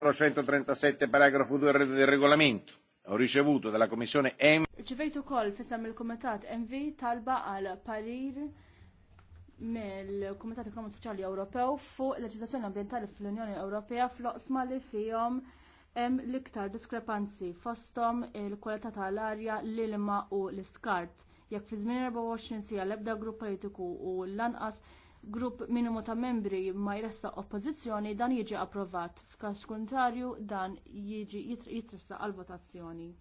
137 paragrafu 2 del regolamento. Ho ricevuto dalla Commissione EM. Ġivejtu kol fissam il-Komitat MV talba għal parir mill-Kumitat Ekonomiku Soċjali Ewropew fuq leġiżlazzjoni Ambientali fl-Unjoni Ewropea fl-oqsma li fihom hemm l-iktar diskrepanzi fosthom il-kwalità tal-arja, l-ilma u l-iskart. Jekk fi żmien 24 sija l-ebda grupp politiku u l lanqas grupp minimu ta' membri ma jressa oppożizzjoni dan jiġi approvat. F'każ kuntrarju dan jiġi jitressa għal votazzjoni.